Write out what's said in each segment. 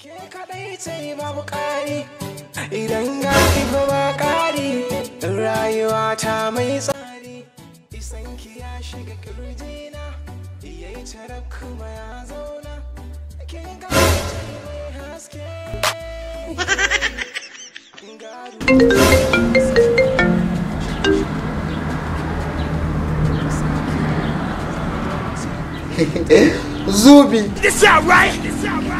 Ke kaɗai babu ƙari, idan ga ba ƙari, rayuwa ta mai tsari, ya shiga kirjina iya yi zauna, ke Zubi! This is right! This is right!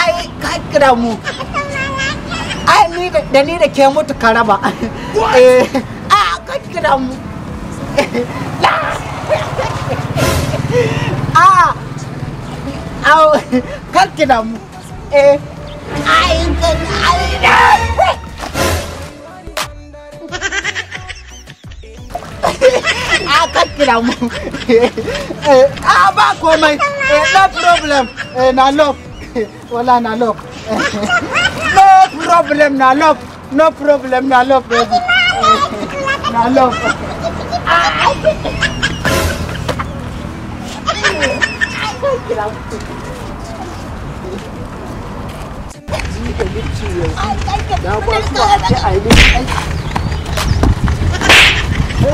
ai ka kira mu ai ni da ni da ke mutu ka raba eh ah ka kira mu a au ka mu eh ai ai kakira mo aba komai no problem na love wala na love no problem na love no problem na love baby na love Now, what's up? I need